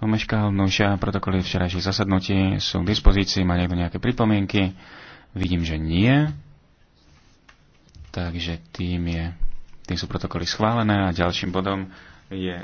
omeškal, nož a protokoly včerajších zasadnutí sú k dispozícii. Má niekto nejaké pripomienky? Vidím, že nie. Takže tým, je, tým sú protokoly schválené a ďalším bodom je